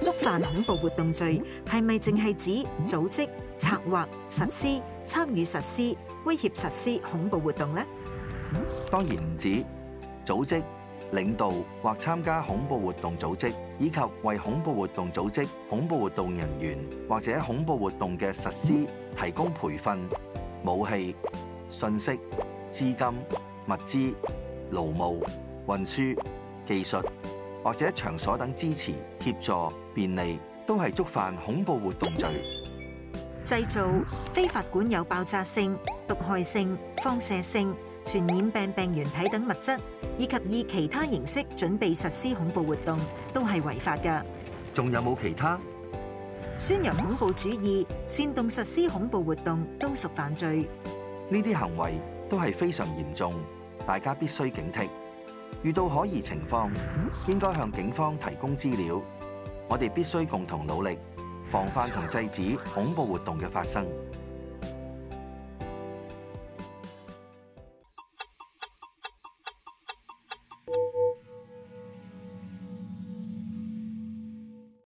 觸犯恐怖活動罪係咪淨係指組織、策劃、實施、參與實施、威脅實施恐怖活動呢？當然唔止組織、領導或參加恐怖活動組織，以及為恐怖活動組織、恐怖活動人員或者恐怖活動嘅實施提供培訓、武器、信息、資金、物資、勞務、運輸、技術。或者場所等支持協助便利都係觸犯恐怖活動罪。製造非法管有爆炸性、毒害性、放射性、傳染病病原體等物質，以及以其他形式準備實施恐怖活動，都係違法噶。仲有冇其他？宣揚恐怖主義、煽動實施恐怖活動，都屬犯罪。呢啲行為都係非常嚴重，大家必須警惕。遇到可疑情況，應該向警方提供資料。我哋必須共同努力，防範同制止恐怖活動嘅發生。